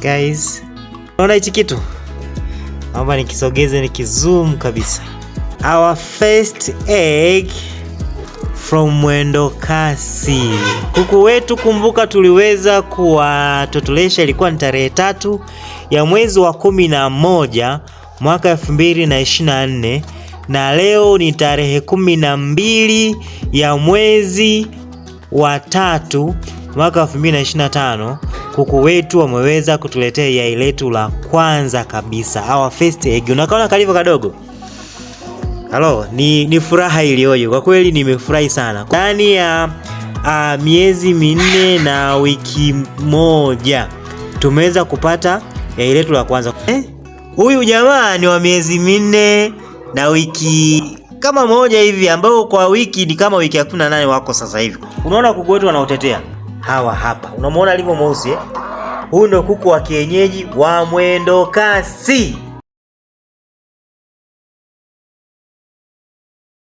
Guys, unaona hichi kitu? Naomba nikisogeze nikizoom kabisa. Our first egg from mwendo kasi. Kuku wetu kumbuka, tuliweza kuwatotolesha ilikuwa ni tarehe tatu ya mwezi wa kumi na moja mwaka nne na leo ni tarehe kumi na mbili ya mwezi wa tatu mwaka 2025 kuku wetu wameweza kutuletea yai letu la kwanza kabisa, our first egg. Unakaona kalivyo kadogo. Halo, ni, ni furaha iliyoje kwa kweli, nimefurahi sana ndani ya uh, miezi minne na wiki moja tumeweza kupata yai letu la kwanza. Eh, huyu eh, jamaa ni wa miezi minne na wiki kama moja hivi, ambao kwa wiki ni kama wiki ya kumi wako sasa hivi. Unaona kuku wetu wanaotetea hawa hapa, unamwona alivyo mweusi eh? Huyu ndio kuku wa kienyeji wa mwendo kasi.